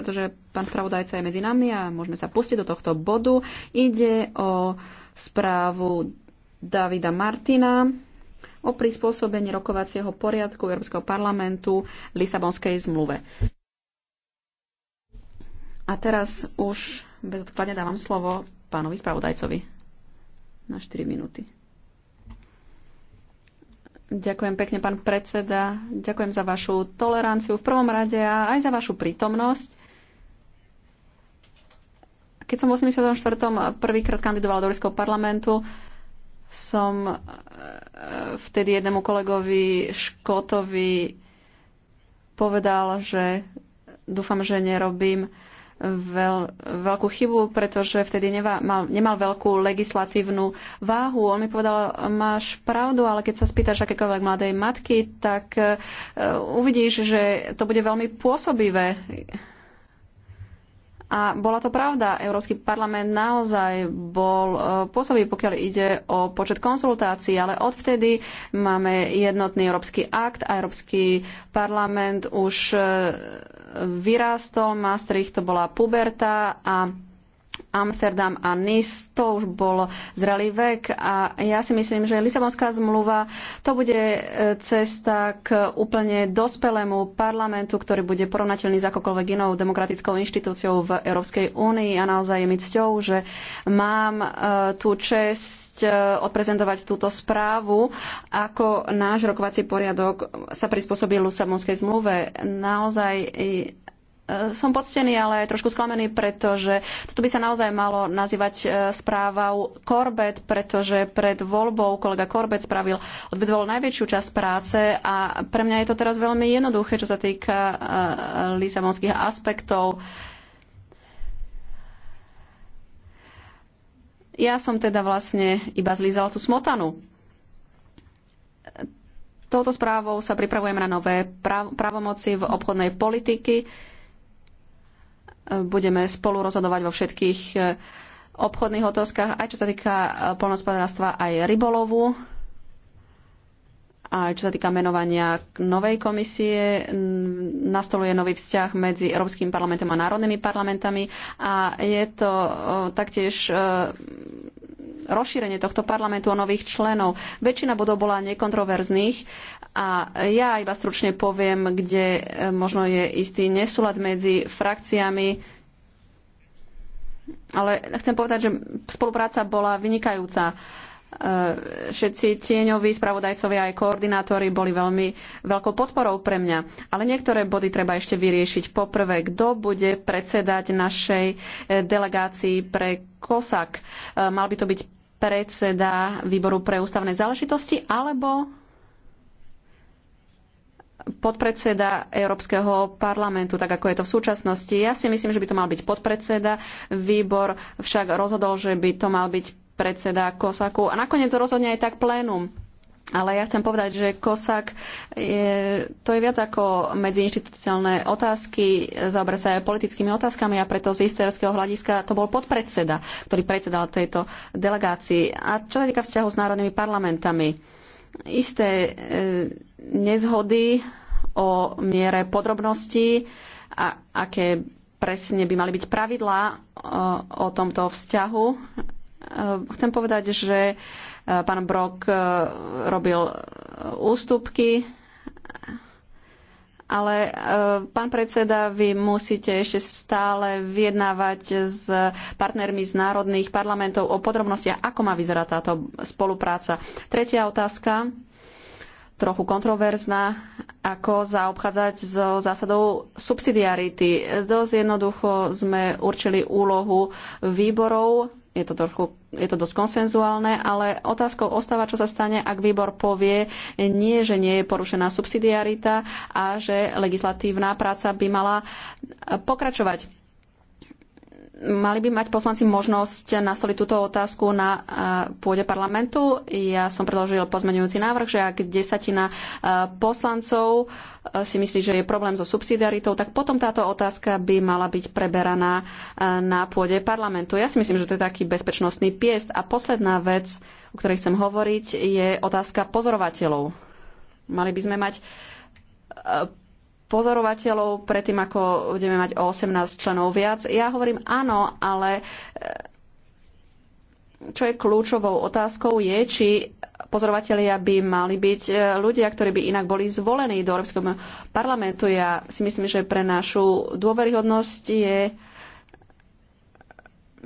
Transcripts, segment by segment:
pretože pán spravodajca je medzi nami a môžeme sa pustiť do tohto bodu. Ide o správu Davida Martina o prispôsobení rokovacieho poriadku Európskeho parlamentu v Lisabonskej zmluve. A teraz už bezodkladne dávam slovo pánovi spravodajcovi na 4 minúty. Ďakujem pekne, pán predseda. Ďakujem za vašu toleranciu v prvom rade a aj za vašu prítomnosť. Keď som v 84. prvýkrát kandidovala do Európskeho parlamentu, som e, vtedy jednému kolegovi Škotovi povedal, že dúfam, že nerobím veľ, veľkú chybu, pretože vtedy nevá, mal, nemal veľkú legislatívnu váhu. On mi povedal, máš pravdu, ale keď sa spýtaš akékoľvek mladej matky, tak uh, uvidíš, že to bude veľmi pôsobivé. A bola to pravda. Európsky parlament naozaj bol e, pôsobý, pokiaľ ide o počet konsultácií, ale odvtedy máme jednotný Európsky akt a Európsky parlament už e, vyrástol. Maastricht to bola puberta a Amsterdam a Nice, to už bol zrelý vek a ja si myslím, že Lisabonská zmluva to bude e, cesta k úplne dospelému parlamentu, ktorý bude porovnateľný s akokoľvek inou demokratickou inštitúciou v Európskej únii a naozaj je mi cťou, že mám e, tú čest e, odprezentovať túto správu, ako náš rokovací poriadok sa prispôsobil Lisabonskej zmluve. Naozaj Eh, som poctený, ale aj trošku sklamený, pretože toto by sa naozaj malo nazývať eh, správou korbet, pretože pred voľbou kolega Korbet spravil, odvedol najväčšiu časť práce a pre mňa je to teraz veľmi jednoduché, čo sa týka eh, lisabonských aspektov. Ja som teda vlastne iba zlízala tú smotanu. Touto správou sa pripravujeme na nové právomoci v obchodnej politiky budeme spolu rozhodovať vo všetkých e, obchodných otázkach, aj čo sa týka e, polnospodárstva, aj rybolovu. A čo sa týka menovania novej komisie, nastoluje nový vzťah medzi Európskym parlamentom a národnými parlamentami a je to e, taktiež rozšírenie tohto parlamentu o nových členov. Väčšina bodov bola nekontroverzných a ja iba stručne poviem, kde e, možno je istý nesúlad medzi frakciami, ale chcem povedať, že spolupráca bola vynikajúca. E, všetci tieňoví spravodajcovia aj koordinátori boli veľmi veľkou podporou pre mňa. Ale niektoré body treba ešte vyriešiť. Poprvé, kto bude predsedať našej e, delegácii pre COSAC? Mal by to byť predseda výboru pre ústavné záležitosti alebo podpredseda Európskeho parlamentu, tak ako je to v súčasnosti. Ja si myslím, že by to mal byť podpredseda. Výbor však rozhodol, že by to mal byť predseda Kosaku. A nakoniec rozhodne aj tak plénum. Ale ja chcem povedať, že COSAC je, to je viac ako medziinstitucionálne otázky, zaoberá sa aj politickými otázkami a preto z isterského hľadiska to bol podpredseda, ktorý predsedal tejto delegácii. A čo sa týka vzťahu s národnými parlamentami, isté e, nezhody o miere podrobností a aké presne by mali byť pravidlá o, e, o tomto vzťahu. E, chcem povedať, že e, Eh, pán Brok eh, robil eh, ústupky, ale pán predseda, vy musíte ešte stále vyjednávať s partnermi z národných parlamentov o podrobnostiach, ako má vyzerať táto spolupráca. Tretia otázka, trochu kontroverzná, ako zaobchádzať so zásadou subsidiarity. Dosť jednoducho sme určili úlohu výborov je to, trochu, je to dosť konsenzuálne, ale otázkou ostáva, čo sa stane, ak výbor povie nie, že nie je porušená subsidiarita a že legislatívna práca by mala pokračovať. Mali by mať poslanci možnosť nastoliť túto otázku na pôde parlamentu. Ja som predložil pozmeňujúci návrh, že ak desatina poslancov si myslí, že je problém so subsidiaritou, tak potom táto otázka by mala byť preberaná na pôde parlamentu. Ja si myslím, že to je taký bezpečnostný piest. A posledná vec, o ktorej chcem hovoriť, je otázka pozorovateľov. Mali by sme mať pozorovateľov predtým, ako budeme mať o 18 členov viac. Ja hovorím áno, ale e, čo je kľúčovou otázkou je, či pozorovatelia by mali byť e, ľudia, ktorí by inak boli zvolení do Európskeho parlamentu. Ja si myslím, že pre našu dôveryhodnosť je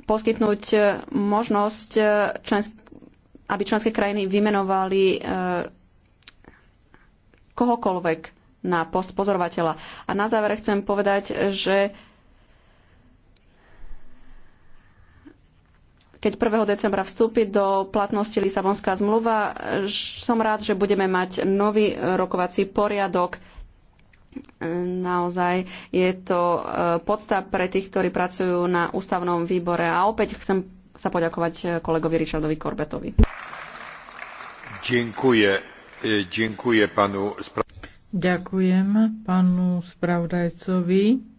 poskytnúť e, možnosť, aby členské krajiny vymenovali kohokoľvek na post pozorovateľa. A na záver chcem povedať, že keď 1. decembra vstúpi do platnosti Lisabonská zmluva, som rád, že budeme mať nový rokovací poriadok. Naozaj je to e, podsta pre tých, ktorí pracujú na ústavnom výbore. A opäť chcem sa poďakovať e, kolegovi Richardovi Korbetovi. Ďakujem. Ďakujem panu Ďakujem panu spravodajcovi.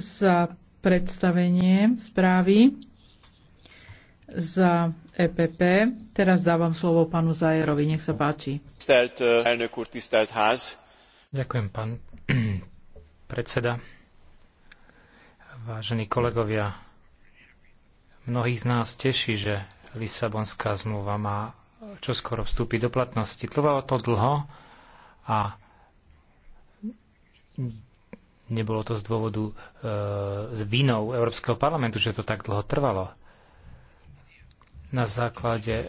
za predstavenie správy za EPP. Teraz dávam slovo panu Zajerovi, nech sa páči. Ďakujem, pán predseda. Vážení kolegovia, mnohých z nás teší, že Lisabonská zmluva má čo skoro vstúpi do platnosti. Trvalo to dlho a nebolo to z dôvodu e, s vinou Európskeho parlamentu, že to tak dlho trvalo. Na základe e,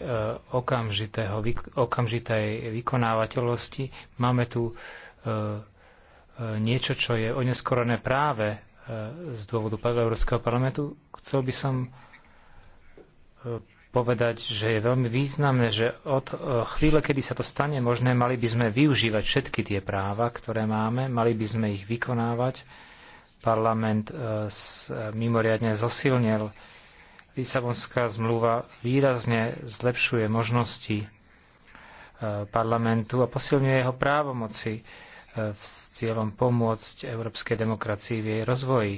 okamžitého, vyk, okamžitej vykonávateľnosti máme tu e, e, niečo, čo je oneskorené práve e, z dôvodu Európskeho parlamentu. Chcel by som e, povedať, že je veľmi významné, že od e, chvíle, kedy sa to stane možné, mali by sme využívať všetky tie práva, ktoré máme, mali by sme ich vykonávať. Parlament e, e, mimoriadne zosilnil. Lisabonská zmluva výrazne zlepšuje možnosti parlamentu a posilňuje jeho právomoci s cieľom pomôcť európskej demokracii v jej rozvoji.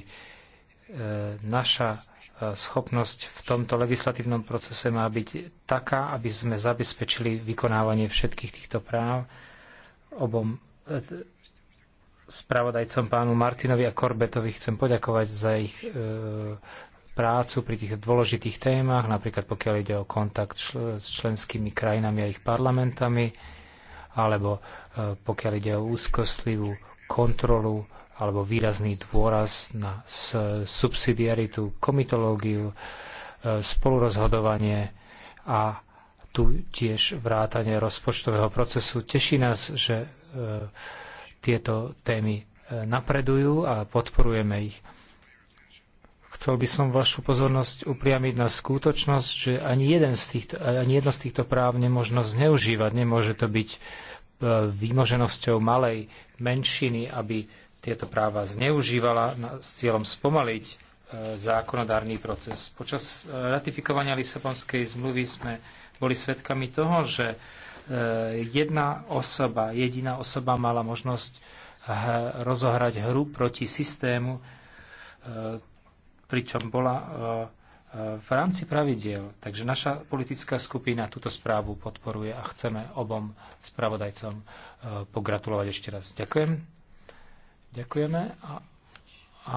Naša schopnosť v tomto legislatívnom procese má byť taká, aby sme zabezpečili vykonávanie všetkých týchto práv obom e, spravodajcom pánu Martinovi a Korbetovi chcem poďakovať za ich e, prácu pri tých dôležitých témach, napríklad pokiaľ ide o kontakt šl- s členskými krajinami a ich parlamentami, alebo e, pokiaľ ide o úzkostlivú kontrolu alebo výrazný dôraz na subsidiaritu, komitológiu, e, spolurozhodovanie a tu tiež vrátanie rozpočtového procesu. Teší nás, že e, tieto témy e, napredujú a podporujeme ich. Chcel by som vašu pozornosť upriamiť na skutočnosť, že ani, jeden z týchto, ani jedno z týchto práv nemôžno zneužívať. Nemôže to byť výmoženosťou malej menšiny, aby tieto práva zneužívala na, s cieľom spomaliť e, zákonodárny proces. Počas e, ratifikovania Lisabonskej zmluvy sme boli svedkami toho, že e, jedna osoba, jediná osoba mala možnosť h, rozohrať hru proti systému, e, pričom bola e, e, v rámci pravidiel. Takže naša politická skupina túto správu podporuje a chceme obom spravodajcom pogratulovať ešte raz. Ďakujem. Ďakujeme. A, a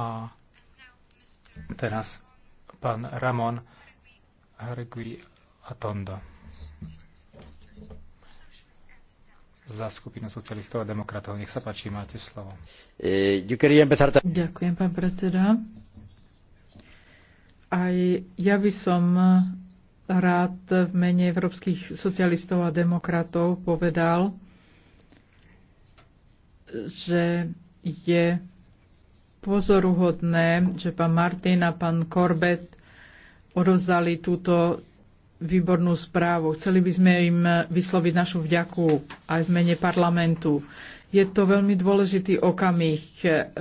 teraz pán Ramon Hargui Atondo za skupinu socialistov a demokratov. Nech sa páči, máte slovo. E, ďakujem, pán predseda. Aj ja by som rád v mene európskych socialistov a demokratov povedal, že je pozoruhodné, že pán Martin a pán Korbet odovzdali túto výbornú správu. Chceli by sme im vysloviť našu vďaku aj v mene parlamentu. Je to veľmi dôležitý okamih.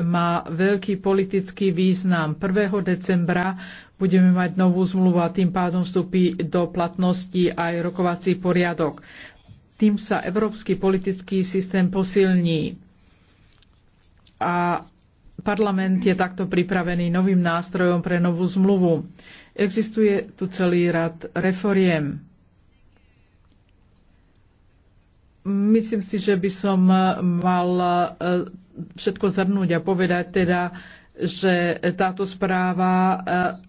Má veľký politický význam. 1. decembra budeme mať novú zmluvu a tým pádom vstúpi do platnosti aj rokovací poriadok. Tým sa európsky politický systém posilní a parlament je takto pripravený novým nástrojom pre novú zmluvu. Existuje tu celý rad reforiem. Myslím si, že by som eh, mal eh, všetko zhrnúť a povedať teda, že táto správa, eh,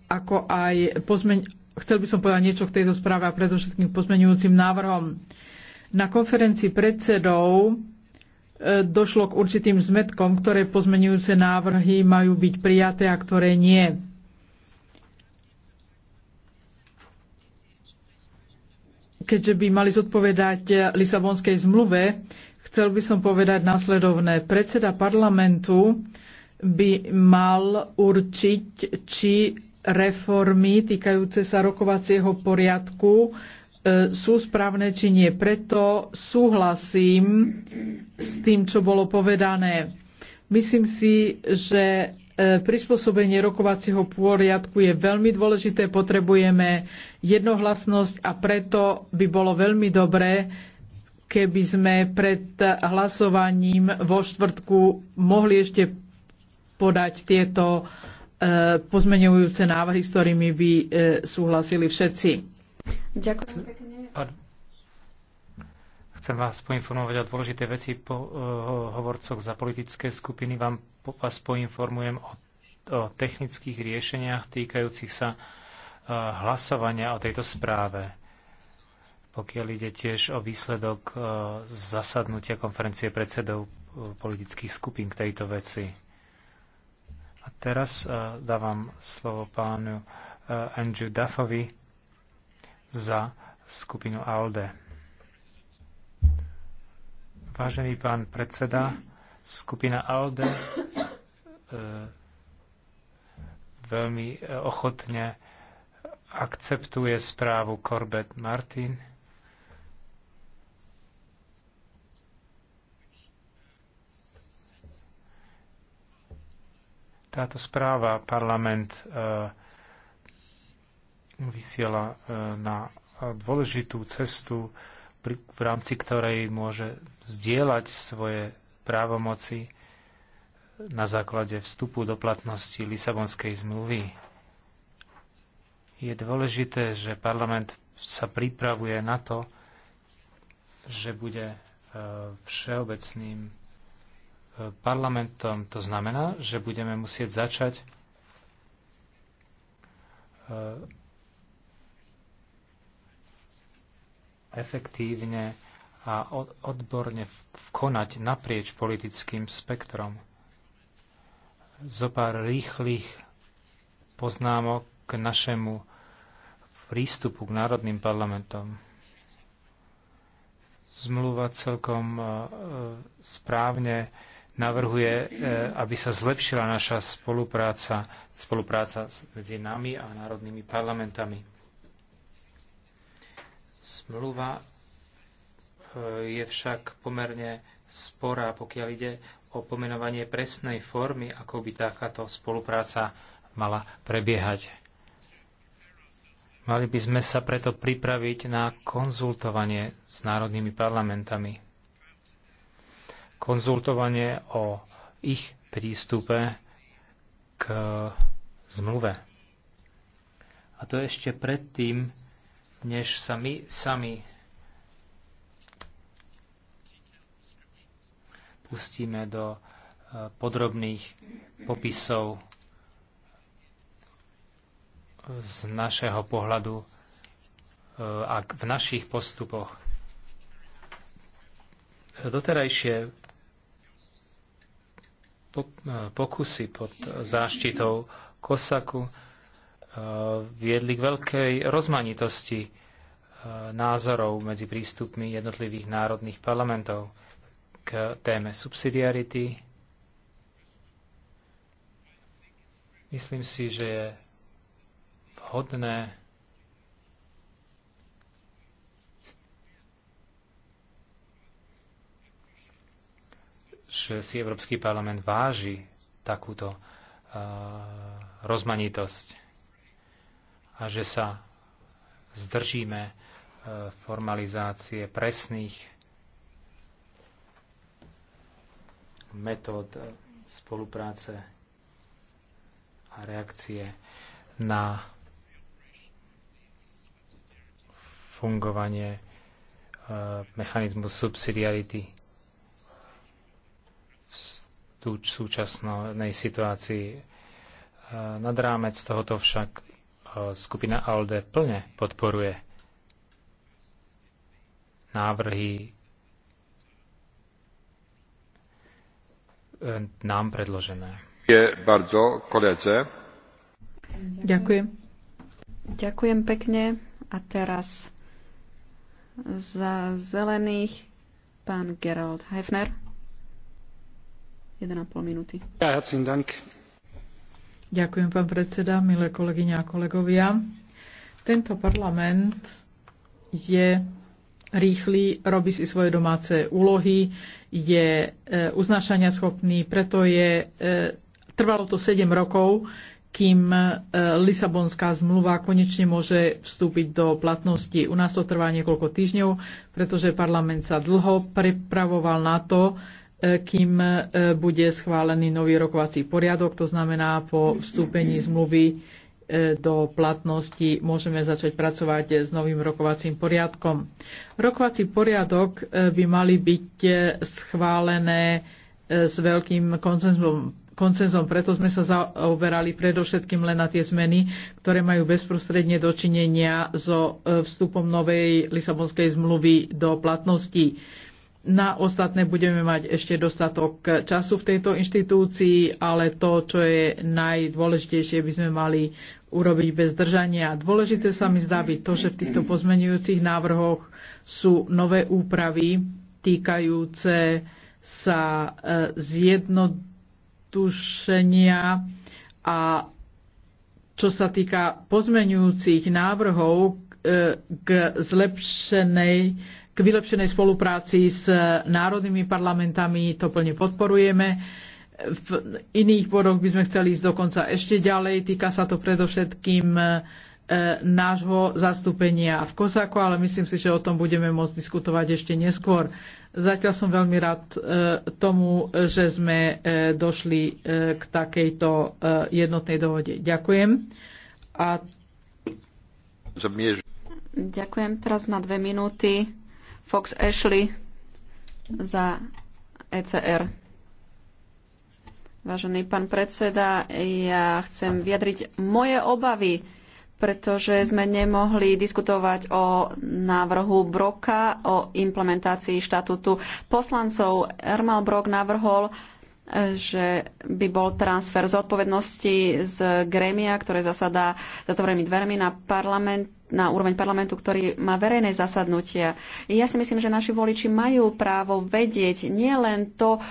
ako aj pozmeň... Chcel by som povedať niečo k tejto správe a predovšetkým pozmeňujúcim návrhom. Na konferencii predsedov E, došlo k určitým zmetkom, ktoré pozmenujúce návrhy majú byť prijaté a ktoré nie. Keďže by mali zodpovedať Lisabonskej zmluve, chcel by som povedať následovné. Predseda parlamentu by mal určiť, či reformy týkajúce sa rokovacieho poriadku E, sú správne či nie. Preto súhlasím s tým, čo bolo povedané. Myslím si, že e, prispôsobenie rokovacieho pôriadku je veľmi dôležité, potrebujeme jednohlasnosť a preto by bolo veľmi dobré, keby sme pred hlasovaním vo štvrtku mohli ešte podať tieto e, pozmeňujúce návrhy, s ktorými by súhlasili všetci. Ďakujem pekne. Chcem vás poinformovať o dôležité veci po uh, hovorcoch za politické skupiny. Vám, po, vás poinformujem o, o technických riešeniach týkajúcich sa uh, hlasovania o tejto správe. Pokiaľ ide tiež o výsledok uh, zasadnutia konferencie predsedov uh, politických skupín k tejto veci. A teraz uh, dávam slovo pánu uh, Andrew Duffovi za skupinu ALDE. Vážený pán predseda, skupina ALDE e, veľmi e, ochotne akceptuje správu Corbett Martin, táto správa parlament e, vysiela e, na dôležitú cestu, v rámci ktorej môže zdieľať svoje právomoci na základe vstupu do platnosti Lisabonskej zmluvy. Je dôležité, že parlament sa pripravuje na to, že bude e, všeobecným e, parlamentom. To znamená, že budeme musieť začať efektívne a odborne konať naprieč politickým spektrom. Zopár rýchlych poznámok k našemu prístupu k národným parlamentom. Zmluva celkom e, e, správne navrhuje, e, aby sa zlepšila naša spolupráca, spolupráca medzi nami a národnými parlamentami Zmluva e, je však pomerne sporá, pokiaľ ide o pomenovanie presnej formy, ako by takáto spolupráca mala prebiehať. Mali by sme sa preto pripraviť na konzultovanie s národnými parlamentami. Konzultovanie o ich prístupe k zmluve. A to ešte predtým, než sa my sami pustíme do e, podrobných popisov z našeho pohľadu e, a v našich postupoch. Doterajšie e, pokusy pod záštitou Kosaku Eh, viedli k veľkej rozmanitosti eh, názorov medzi prístupmi jednotlivých národných parlamentov k téme subsidiarity. Myslím si, že je vhodné že si Európsky parlament váži takúto uh, rozmanitosť a že sa zdržíme e, formalizácie presných metód e, spolupráce a reakcie na fungovanie e, mechanizmu subsidiarity v súčasnej situácii. Nad rámec tohoto však skupina ALDE plne podporuje návrhy e, nám predložené. Ďakujem. Ďakujem pekne. A teraz za zelených pán Gerald Hefner. 1,5 minúty. Ja, herzlichen Dank. Ďakujem, pán predseda, milé kolegyne a kolegovia. Tento parlament je rýchly, robí si svoje domáce úlohy, je e, uznášania schopný, preto je, e, trvalo to 7 rokov, kým e, Lisabonská zmluva konečne môže vstúpiť do platnosti. U nás to trvá niekoľko týždňov, pretože parlament sa dlho pripravoval na to, E, kým e, bude schválený nový rokovací poriadok, to znamená po vstúpení zmluvy e, do platnosti môžeme začať pracovať s novým rokovacím poriadkom. Rokovací poriadok by mali byť schválené s veľkým konsenzom, konsenzom. Preto sme sa zaoberali predovšetkým len na tie zmeny, ktoré majú bezprostredne dočinenia so vstupom novej Lisabonskej zmluvy do platnosti na ostatné budeme mať ešte dostatok času v tejto inštitúcii, ale to, čo je najdôležitejšie, by sme mali urobiť bez držania. Dôležité sa mi zdá byť to, že v týchto pozmenujúcich návrhoch sú nové úpravy týkajúce sa e, zjednodušenia a čo sa týka pozmenujúcich návrhov e, k zlepšenej k vylepšenej spolupráci s národnými parlamentami, to plne podporujeme. V iných bodoch by sme chceli ísť dokonca ešte ďalej. Týka sa to predovšetkým e, nášho zastúpenia v Kosaku, ale myslím si, že o tom budeme môcť diskutovať ešte neskôr. Zatiaľ som veľmi rád e, tomu, že sme e, došli k takejto jednotnej dohode. Ďakujem. A... Ďakujem. Teraz na dve minúty Fox Ashley za ECR. Vážený pán predseda, ja chcem vyjadriť moje obavy, pretože sme nemohli diskutovať o návrhu Broka o implementácii štatútu poslancov. Ermal Brok navrhol že by bol transfer zodpovednosti z grémia, ktoré zasadá zatvorenými dvermi na parlament na úroveň parlamentu, ktorý má verejné zasadnutia. Ja si myslím, že naši voliči majú právo vedieť nie len to, e,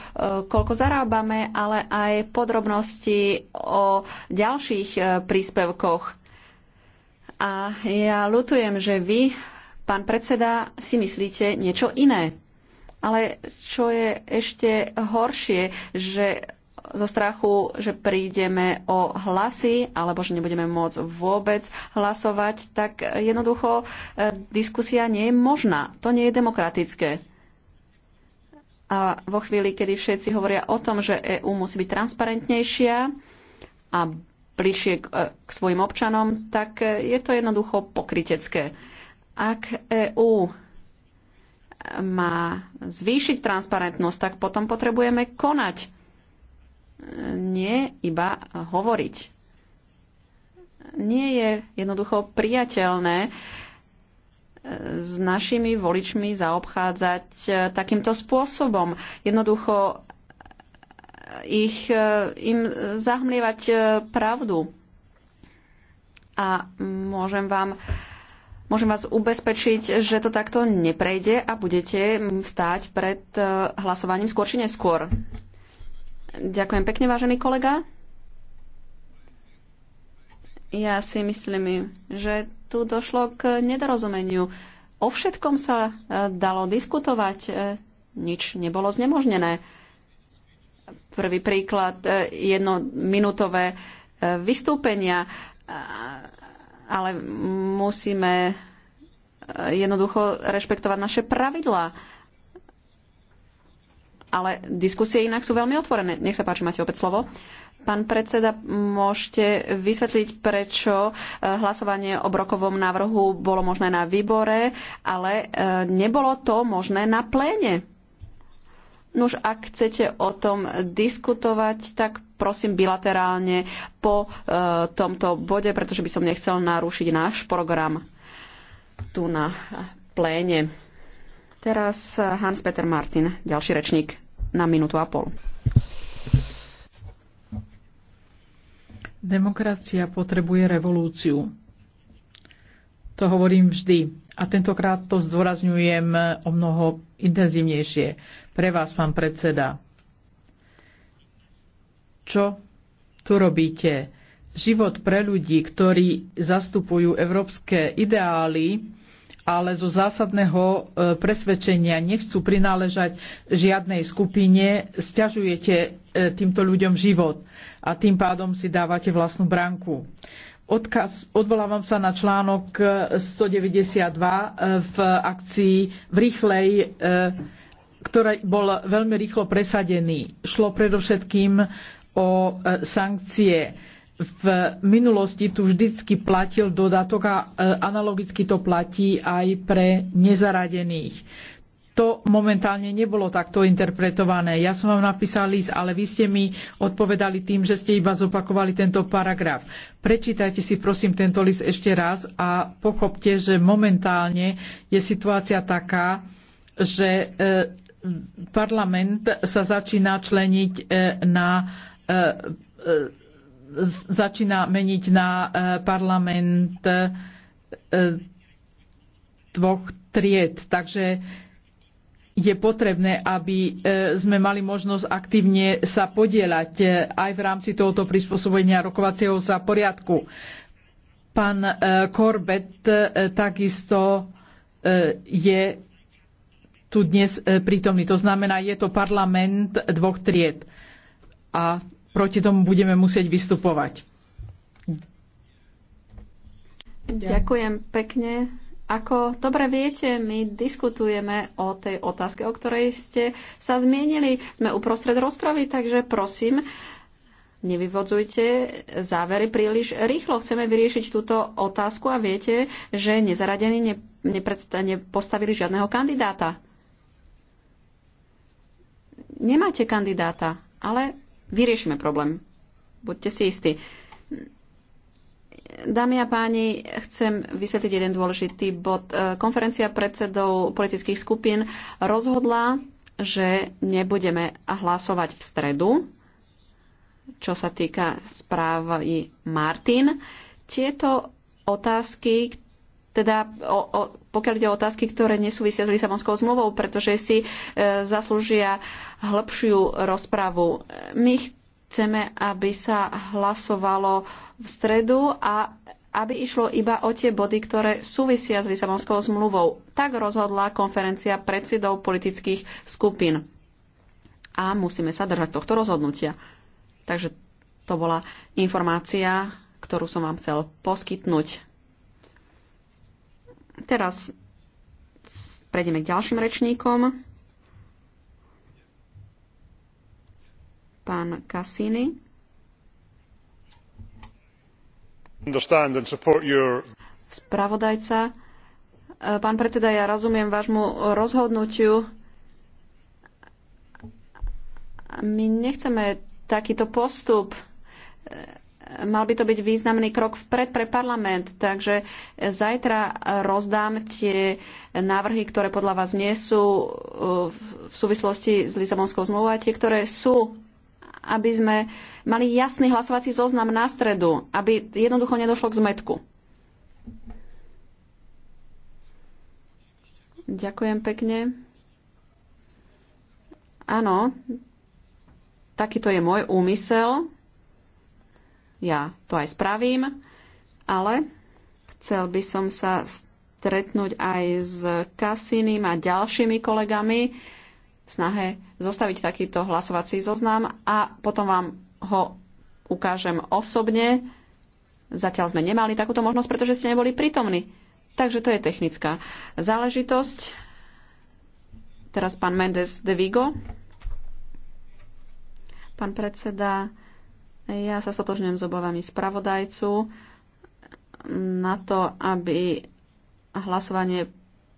koľko zarábame, ale aj podrobnosti o ďalších e, príspevkoch. A ja ľutujem, že vy, pán predseda, si myslíte niečo iné. Ale čo je ešte horšie, že zo strachu, že prídeme o hlasy alebo že nebudeme môcť vôbec hlasovať, tak jednoducho e, diskusia nie je možná. To nie je demokratické. A vo chvíli, kedy všetci hovoria o tom, že EÚ musí byť transparentnejšia a bližšie k, e, k svojim občanom, tak e, je to jednoducho pokrytecké. Ak EÚ má zvýšiť transparentnosť, tak potom potrebujeme konať. E, nie iba hovoriť. Nie je jednoducho priateľné e, s našimi voličmi zaobchádzať e, takýmto spôsobom. Jednoducho ich, im zahmlievať pravdu. A môžem vám Môžem vás ubezpečiť, že to takto neprejde a budete stáť pred e, hlasovaním skôr či neskôr. Ďakujem pekne, vážený kolega. Ja si myslím, že tu došlo k nedorozumeniu. O všetkom sa e, dalo diskutovať, e, nič nebolo znemožnené. Prvý príklad, jednominútové vystúpenia ale musíme eh, jednoducho rešpektovať naše pravidlá. Ale diskusie inak sú veľmi otvorené. Nech sa páči, máte opäť slovo. Pán predseda, môžete vysvetliť, prečo eh, hlasovanie o brokovom návrhu bolo možné na výbore, ale eh, nebolo to možné na pléne. Nuž, ak chcete o tom diskutovať, tak prosím bilaterálne po e, tomto bode, pretože by som nechcel narušiť náš program tu na pléne. Teraz e, Hans-Peter Martin, ďalší rečník na minútu a pol. Demokracia potrebuje revolúciu. To hovorím vždy a tentokrát to zdôrazňujem e, o mnoho intenzívnejšie pre vás, pán predseda. Čo tu robíte? Život pre ľudí, ktorí zastupujú európske ideály, ale zo zásadného e, presvedčenia nechcú prináležať žiadnej skupine, sťažujete e, týmto ľuďom život a tým pádom si dávate vlastnú bránku. Odkaz, odvolávam sa na článok 192 e, v akcii v rýchlej ktorý bol veľmi rýchlo presadený. Šlo predovšetkým o e, sankcie. V minulosti tu vždycky platil dodatok a e, analogicky to platí aj pre nezaradených. To momentálne nebolo takto interpretované. Ja som vám napísal list, ale vy ste mi odpovedali tým, že ste iba zopakovali tento paragraf. Prečítajte si prosím tento list ešte raz a pochopte, že momentálne je situácia taká, že e, parlament sa začína členiť e, na e, e, začína meniť na parlament dvoch tried. Takže je potrebné, aby sme mali možnosť aktívne sa podieľať aj v rámci tohoto prispôsobenia rokovacieho sa poriadku. Pán korbet takisto je tu dnes e, prítomní. To znamená, je to parlament dvoch tried. A proti tomu budeme musieť vystupovať. Ďakujem pekne. Ako dobre viete, my diskutujeme o tej otázke, o ktorej ste sa zmienili. Sme uprostred rozpravy, takže prosím, nevyvodzujte závery príliš rýchlo. Chceme vyriešiť túto otázku a viete, že nezaradení nepostavili žiadneho kandidáta nemáte kandidáta, ale vyriešime problém. Buďte si istí. Dámy a páni, chcem vysvetliť jeden dôležitý bod. E, konferencia predsedov politických skupín rozhodla, že nebudeme hlasovať v stredu, čo sa týka správy Martin. Tieto otázky, teda o, o, pokiaľ ide o otázky, ktoré nesúvisia s Lisabonskou zmluvou, pretože si e, zaslúžia hĺbšiu rozpravu. My chceme, aby sa hlasovalo v stredu a aby išlo iba o tie body, ktoré súvisia s Lisabonskou zmluvou. Tak rozhodla konferencia predsedov politických skupín. A musíme sa držať tohto rozhodnutia. Takže to bola informácia, ktorú som vám chcel poskytnúť. Teraz prejdeme k ďalším rečníkom. Pán Cassini. Spravodajca. E, pán predseda, ja rozumiem vášmu rozhodnutiu. My nechceme takýto postup e, mal by to byť významný krok vpred pre parlament. Takže zajtra rozdám tie návrhy, ktoré podľa vás nie sú uh, v súvislosti s Lisabonskou zmluvou a tie, ktoré sú, aby sme mali jasný hlasovací zoznam na stredu, aby jednoducho nedošlo k zmetku. Ďakujem pekne. Áno, takýto je môj úmysel ja to aj spravím, ale chcel by som sa stretnúť aj s Kasinim a ďalšími kolegami v snahe zostaviť takýto hlasovací zoznam a potom vám ho ukážem osobne. Zatiaľ sme nemali takúto možnosť, pretože ste neboli prítomní. Takže to je technická záležitosť. Teraz pán Mendes de Vigo. Pán predseda, ja sa sotožňujem s obavami spravodajcu na to, aby hlasovanie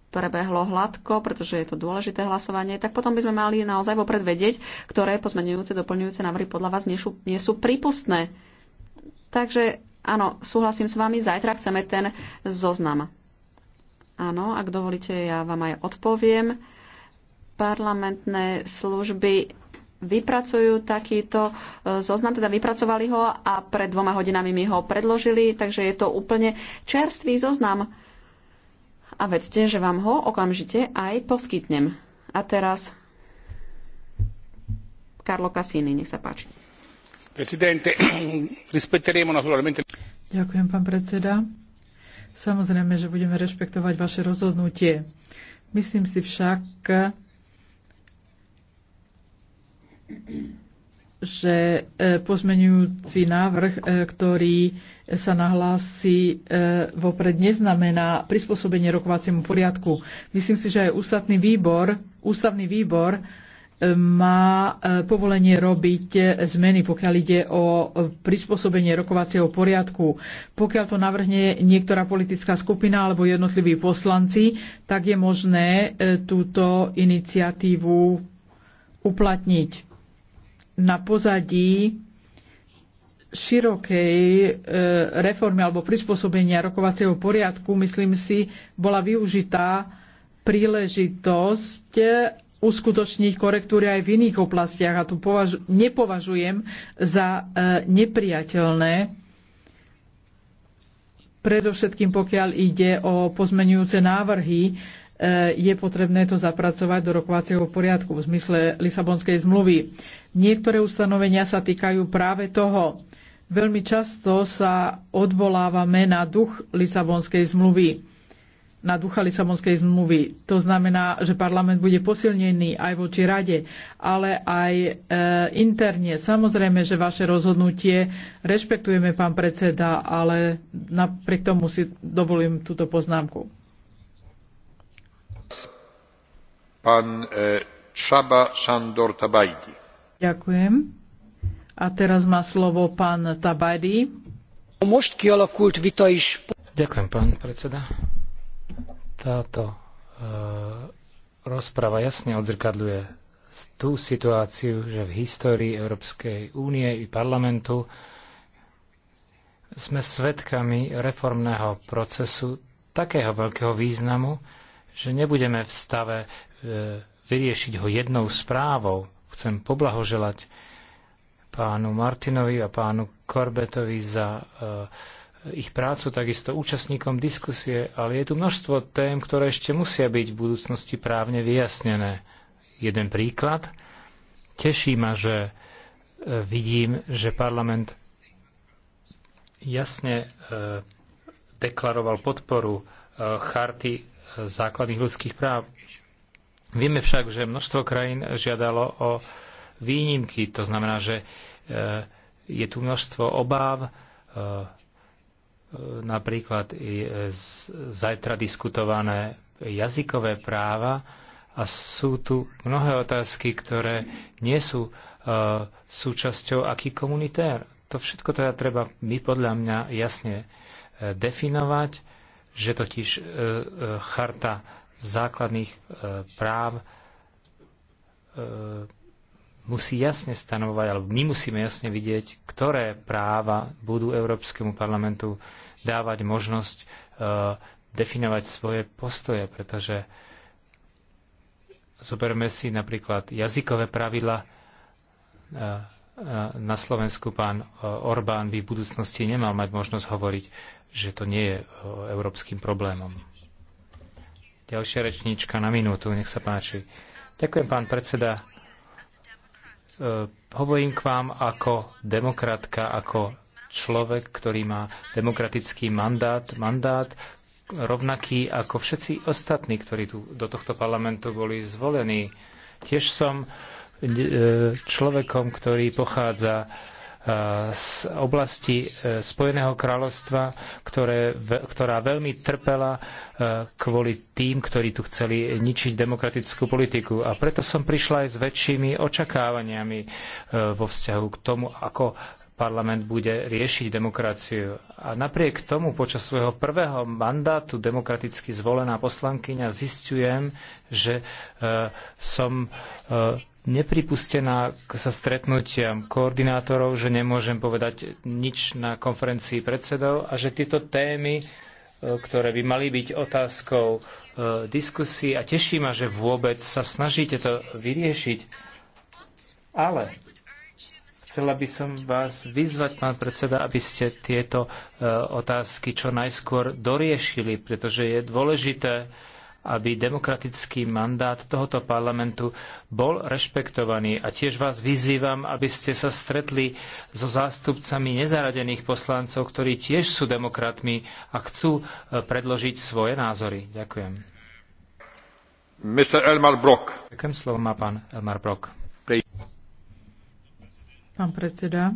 prebehlo hladko, pretože je to dôležité hlasovanie, tak potom by sme mali naozaj vopred vedieť, ktoré pozmenujúce, doplňujúce návrhy podľa vás nie sú, nie sú prípustné. Takže áno, súhlasím s vami, zajtra chceme ten zoznam. Áno, ak dovolíte, ja vám aj odpoviem. Parlamentné služby vypracujú takýto e, zoznam, teda vypracovali ho a pred dvoma hodinami mi ho predložili, takže je to úplne čerstvý zoznam. A vedzte, že vám ho okamžite aj poskytnem. A teraz Carlo Cassini, nech sa páči. Ďakujem, pán predseda. Samozrejme, že budeme rešpektovať vaše rozhodnutie. Myslím si však, že e, pozmenujúci návrh, e, ktorý sa nahlási e, vopred, neznamená prispôsobenie rokovaciemu poriadku. Myslím si, že aj ústavný výbor, ústavný výbor má povolenie robiť zmeny, pokiaľ ide o prispôsobenie rokovacieho poriadku. Pokiaľ to navrhne niektorá politická skupina alebo jednotliví poslanci, tak je možné túto iniciatívu uplatniť na pozadí širokej e, reformy alebo prispôsobenia rokovacieho poriadku, myslím si, bola využitá príležitosť e, uskutočniť korektúry aj v iných oblastiach a tu považ- nepovažujem za e, nepriateľné, predovšetkým pokiaľ ide o pozmenujúce návrhy, E, je potrebné to zapracovať do rokovacieho poriadku v zmysle Lisabonskej zmluvy. Niektoré ustanovenia sa týkajú práve toho. Veľmi často sa odvolávame na duch Lisabonskej zmluvy na ducha Lisabonskej zmluvy. To znamená, že parlament bude posilnený aj voči rade, ale aj e, interne. Samozrejme, že vaše rozhodnutie rešpektujeme, pán predseda, ale napriek tomu si dovolím túto poznámku. E, Ďakujem. A teraz má slovo pán Tabajdi. Ďakujem, pán predseda. Táto e, rozpráva jasne odzrkadľuje tú situáciu, že v histórii Európskej únie i parlamentu sme svedkami reformného procesu takého veľkého významu, že nebudeme v stave E, vyriešiť ho jednou správou. Chcem poblahoželať pánu Martinovi a pánu Korbetovi za e, ich prácu, takisto účastníkom diskusie, ale je tu množstvo tém, ktoré ešte musia byť v budúcnosti právne vyjasnené. Jeden príklad. Teší ma, že e, vidím, že parlament jasne deklaroval podporu charty základných ľudských práv. Vieme však, že množstvo krajín žiadalo o výnimky, to znamená, že e, je tu množstvo obáv, e, e, napríklad zajtra diskutované jazykové práva a sú tu mnohé otázky, ktoré nie sú súčasťou aký komunitér. To všetko teda treba my podľa mňa jasne definovať, že totiž charta základných e, práv e, musí jasne stanovať, alebo my musíme jasne vidieť, ktoré práva budú Európskemu parlamentu dávať možnosť e, definovať svoje postoje, pretože zoberme si napríklad jazykové pravidla. Na Slovensku pán Orbán by v budúcnosti nemal mať možnosť hovoriť, že to nie je európskym problémom. Ďalšia rečníčka na minútu, nech sa páči. Ďakujem, pán predseda. Uh, hovorím k vám ako demokratka, ako človek, ktorý má demokratický mandát, mandát rovnaký ako všetci ostatní, ktorí tu do tohto parlamentu boli zvolení. Tiež som uh, človekom, ktorý pochádza E, z oblasti e, Spojeného kráľovstva, ktoré, ktorá veľmi trpela e, kvôli tým, ktorí tu chceli ničiť demokratickú politiku. A preto som prišla aj s väčšími očakávaniami vo vzťahu k tomu, ako parlament bude riešiť demokraciu. A napriek tomu počas svojho prvého mandátu demokraticky zvolená poslankyňa zistujem, že som nepripustená k sa stretnutiam koordinátorov, že nemôžem povedať nič na konferencii predsedov a že tieto témy, e, ktoré by mali byť otázkou e, diskusí a teší ma, že vôbec sa snažíte to vyriešiť. Ale chcela by som vás vyzvať, pán predseda, aby ste tieto e, otázky čo najskôr doriešili, pretože je dôležité, aby demokratický mandát tohoto parlamentu bol rešpektovaný. A tiež vás vyzývam, aby ste sa stretli so zástupcami nezaradených poslancov, ktorí tiež sú demokratmi a chcú e, predložiť svoje názory. Ďakujem. Mr. Elmar Brock. Ďakujem slovo má pán Elmar Brock. Pán predseda,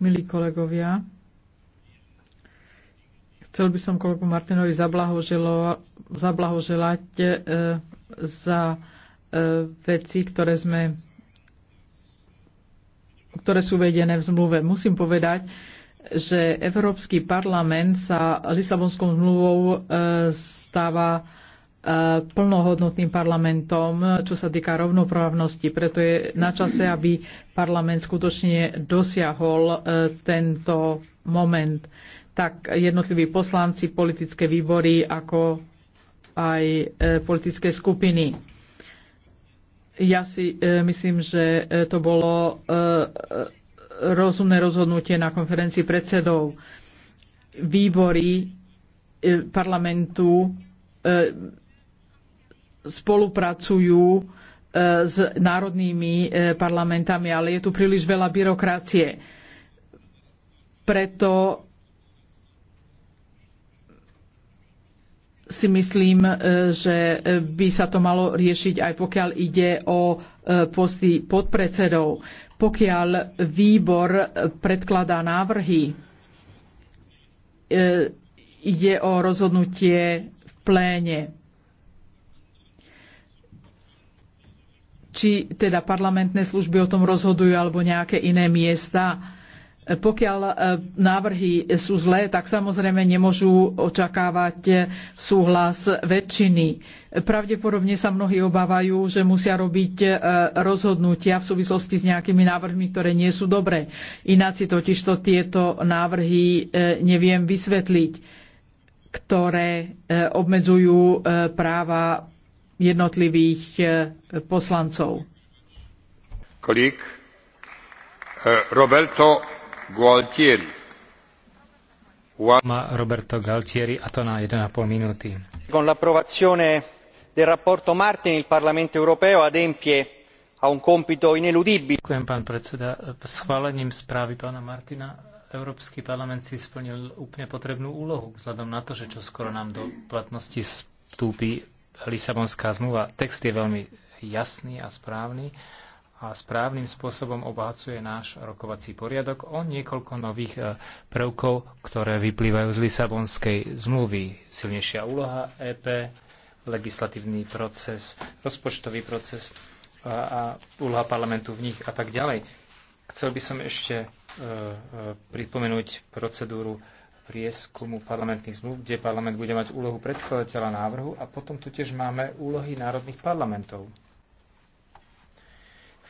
milí kolegovia, Chcel by som kolegu Martinovi zablahoželať e, za e, veci, ktoré sme ktoré sú vedené v zmluve. Musím povedať, že Európsky parlament sa Lisabonskou zmluvou e, stáva plnohodnotným parlamentom, čo sa týka rovnoprávnosti. Preto je na čase, aby parlament skutočne dosiahol tento moment tak jednotliví poslanci, politické výbory, ako aj e, politické skupiny. Ja si e, myslím, že e, to bolo rozumné rozhodnutie na konferencii predsedov. Výbory parlamentu spolupracujú s národnými parlamentami, ale je tu príliš veľa byrokracie. Preto si myslím, e, že by sa to malo riešiť aj pokiaľ ide o e, posty podpredsedov. Pokiaľ výbor e, predkladá návrhy, ide o rozhodnutie v pléne. Či teda parlamentné služby o tom rozhodujú alebo nejaké iné miesta, pokiaľ e, návrhy sú zlé, tak samozrejme nemôžu očakávať e, súhlas väčšiny. Pravdepodobne sa mnohí obávajú, že musia robiť e, rozhodnutia v súvislosti s nejakými návrhmi, ktoré nie sú dobré. si totižto tieto návrhy neviem vysvetliť, ktoré obmedzujú práva jednotlivých poslancov. Kolík. Roberto Gualtieri. Ma Roberto Galtieri a to na 1,5 minúty. Con l'approvazione del rapporto Martin il Parlamento europeo adempie a un compito ineludibile. Ďakujem, pán predseda. Schválením správy pána Martina Európsky parlament si splnil úplne potrebnú úlohu, vzhľadom na to, že čo skoro nám do platnosti vstúpi Lisabonská zmluva. Text je veľmi jasný a správny a správnym spôsobom obohacuje náš rokovací poriadok o niekoľko nových e, prvkov, ktoré vyplývajú z Lisabonskej zmluvy. Silnejšia úloha EP, legislatívny proces, rozpočtový proces a, a úloha parlamentu v nich a tak ďalej. Chcel by som ešte e, e, pripomenúť procedúru prieskumu parlamentných zmluv, kde parlament bude mať úlohu predkladateľa návrhu a potom tu tiež máme úlohy národných parlamentov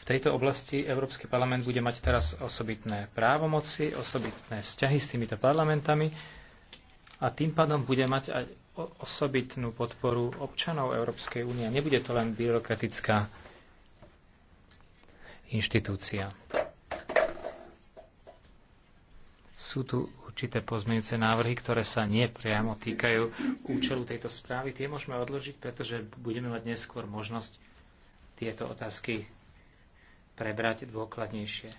tejto oblasti Európsky parlament bude mať teraz osobitné právomoci, osobitné vzťahy s týmito parlamentami a tým pádom bude mať aj osobitnú podporu občanov Európskej únie. Nebude to len byrokratická inštitúcia. Sú tu určité pozmeňujúce návrhy, ktoré sa nepriamo týkajú účelu tejto správy. Tie môžeme odložiť, pretože budeme mať neskôr možnosť tieto otázky prebrať dôkladnejšie.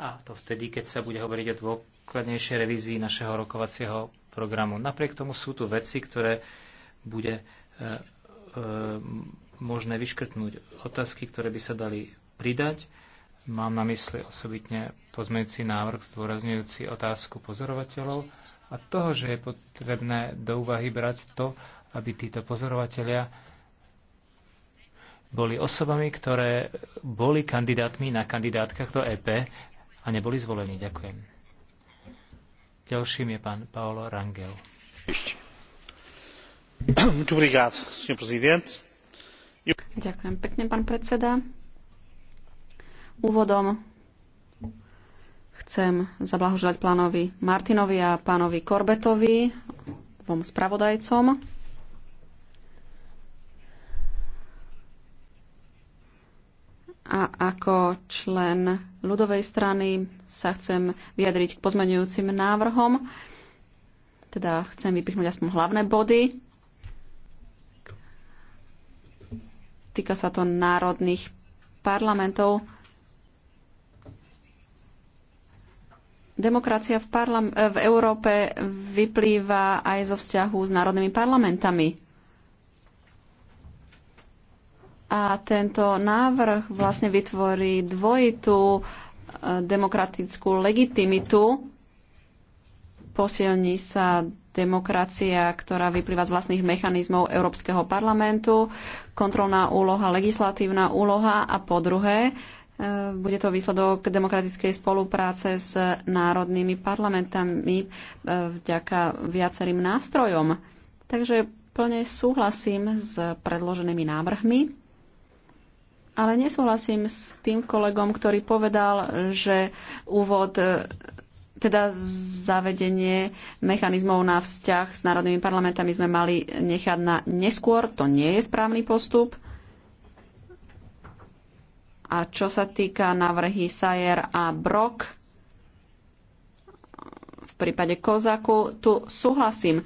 A to vtedy, keď sa bude hovoriť o dôkladnejšej revízii našeho rokovacieho programu. Napriek tomu sú tu veci, ktoré bude e, e, možné vyškrtnúť. Otázky, ktoré by sa dali pridať. Mám na mysli osobitne pozmeňujúci návrh zdôrazňujúci otázku pozorovateľov a toho, že je potrebné do úvahy brať to, aby títo pozorovateľia boli osobami, ktoré boli kandidátmi na kandidátkach do EP a neboli zvolení. Ďakujem. Ďalším je pán Paolo Rangel. Ďakujem pekne, pán predseda. Úvodom chcem zablahoželať pánovi Martinovi a pánovi Korbetovi, dvom spravodajcom a ako člen ľudovej strany sa chcem vyjadriť k pozmenujúcim návrhom. Teda chcem vypichnúť aspoň hlavné body. Týka sa to národných parlamentov. Demokracia v, parlam- v Európe vyplýva aj zo vzťahu s národnými parlamentami. A tento návrh vlastne vytvorí dvojitú e, demokratickú legitimitu. Posilní sa demokracia, ktorá vyplýva z vlastných mechanizmov Európskeho parlamentu, kontrolná úloha, legislatívna úloha a po druhé, e, bude to výsledok demokratickej spolupráce s národnými parlamentami e, vďaka viacerým nástrojom. Takže plne súhlasím s predloženými návrhmi ale nesúhlasím s tým kolegom, ktorý povedal, že úvod e, teda zavedenie mechanizmov na vzťah s národnými parlamentami sme mali nechať na neskôr. To nie je správny postup. A čo sa týka navrhy Sayer a Brok v prípade Kozaku, tu súhlasím.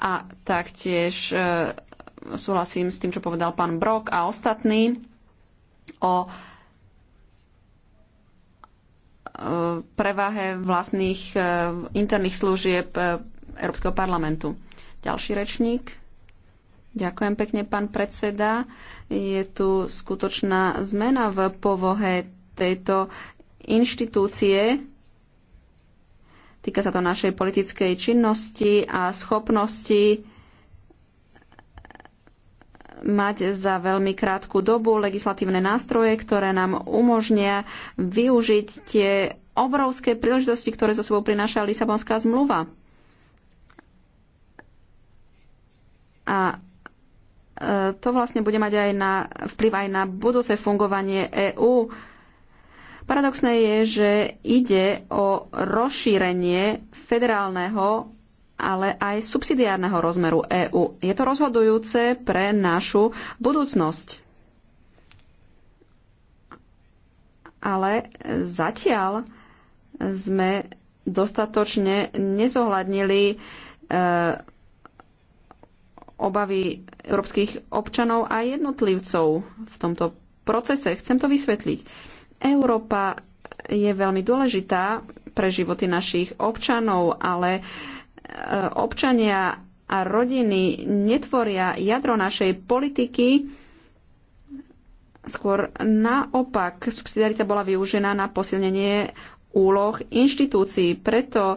A taktiež e, súhlasím s tým, čo povedal pán Brok a ostatní o e, prevahe vlastných e, interných služieb e, Európskeho parlamentu. Ďalší rečník. Ďakujem pekne, pán predseda. Je tu skutočná zmena v povohe tejto inštitúcie. Týka sa to našej politickej činnosti a schopnosti mať za veľmi krátku dobu legislatívne nástroje, ktoré nám umožnia využiť tie obrovské príležitosti, ktoré zo sebou prináša Lisabonská zmluva. A e, to vlastne bude mať aj na, vplyv aj na budúce fungovanie EÚ. Paradoxné je, že ide o rozšírenie federálneho ale aj subsidiárneho rozmeru EÚ. Je to rozhodujúce pre našu budúcnosť. Ale zatiaľ sme dostatočne nezohľadnili e, obavy európskych občanov a jednotlivcov v tomto procese. Chcem to vysvetliť. Európa je veľmi dôležitá pre životy našich občanov, ale E, občania a rodiny netvoria jadro našej politiky, skôr naopak subsidiarita bola využená na posilnenie úloh inštitúcií. Preto e,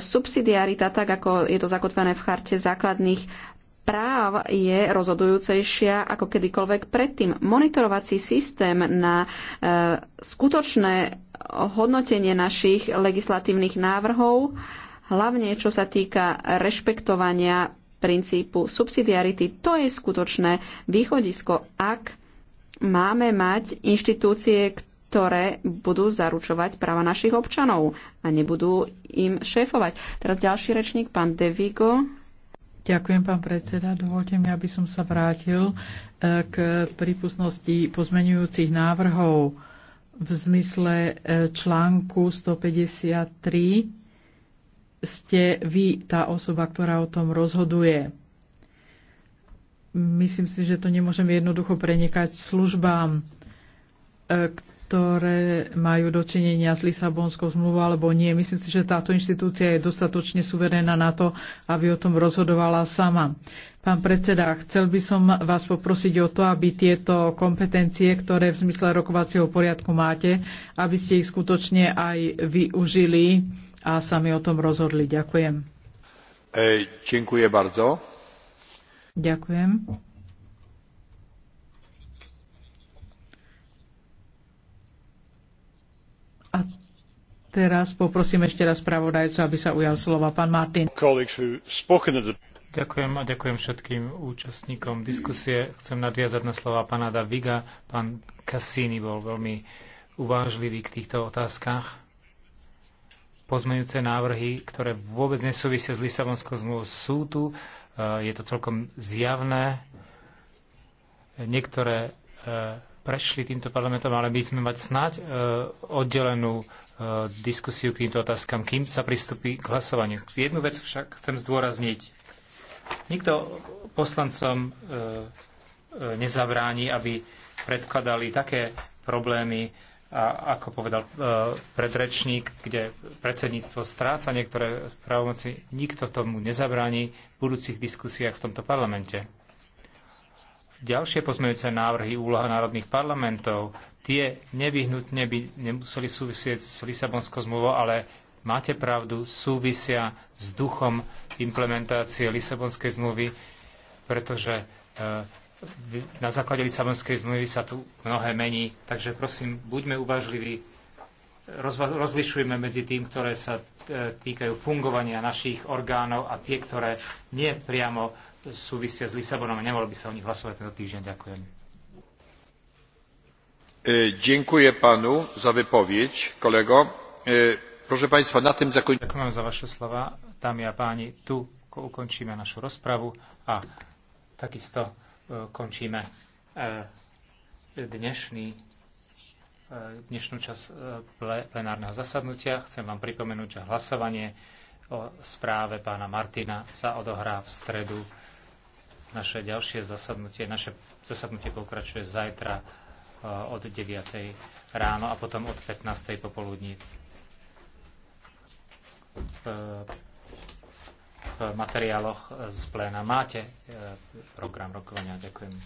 subsidiarita, tak ako je to zakotvené v charte základných práv, je rozhodujúcejšia ako kedykoľvek predtým. Monitorovací systém na e, skutočné hodnotenie našich legislatívnych návrhov hlavne čo sa týka rešpektovania princípu subsidiarity. To je skutočné východisko, ak máme mať inštitúcie, ktoré budú zaručovať práva našich občanov a nebudú im šéfovať. Teraz ďalší rečník, pán Devigo. Ďakujem, pán predseda. Dovolte mi, aby som sa vrátil e, k prípustnosti pozmenujúcich návrhov v zmysle e, článku 153 ste vy tá osoba, ktorá o tom rozhoduje. Myslím si, že to nemôžeme jednoducho prenekať službám, e, ktoré majú dočinenia s Lisabonskou zmluvou alebo nie. Myslím si, že táto inštitúcia je dostatočne suverénna na to, aby o tom rozhodovala sama. Pán predseda, chcel by som vás poprosiť o to, aby tieto kompetencie, ktoré v zmysle rokovacieho poriadku máte, aby ste ich skutočne aj využili a sami o tom rozhodli. Ďakujem. E, ďakujem bardzo. Ďakujem. A teraz poprosím ešte raz pravodajcu, aby sa ujal slova pán Martin. Ďakujem a ďakujem všetkým účastníkom diskusie. Chcem nadviazať na slova pána Daviga. Pán Cassini bol veľmi uvážlivý k týchto otázkach pozmeňujúce návrhy, ktoré vôbec nesúvisia s Lisabonskou zmluvou, sú tu. E, je to celkom zjavné. Niektoré e, prešli týmto parlamentom, ale my sme mať snáď e, oddelenú diskusiu k týmto otázkam, kým sa pristúpi k hlasovaniu. Jednu vec však chcem zdôrazniť. Nikto poslancom nezabráni, aby predkladali také problémy, a ako povedal e, predrečník, kde predsedníctvo stráca niektoré právomoci, nikto tomu nezabráni v budúcich diskusiách v tomto parlamente. Ďalšie pozmeňujúce návrhy úloha národných parlamentov, tie nevyhnutne by nemuseli súvisieť s Lisabonskou zmluvou, ale máte pravdu, súvisia s duchom implementácie Lisabonskej zmluvy, pretože e, na základe Lisabonskej zmluvy sa tu mnohé mení, takže prosím, buďme uvažliví, rozlišujme medzi tým, ktoré sa e, týkajú fungovania našich orgánov a tie, ktoré nie priamo súvisia s Lisabonom a nemalo by sa o nich hlasovať tento týždeň. Ďakujem. E, dziękuję panu za wypowiedź, kolego. E, proszę państwa, na tym zakończymy. Dziękuję za vaše slova, dámy a páni. Tu ukončíme našu rozpravu a takisto končíme e, dnešný, e, dnešnú čas e, plenárneho zasadnutia. Chcem vám pripomenúť, že hlasovanie o správe pána Martina sa odohrá v stredu. Naše ďalšie zasadnutie, naše zasadnutie pokračuje zajtra od 9. ráno a potom od 15. popoludní. V materiáloch z pléna máte eh, program rokovania. Ďakujem.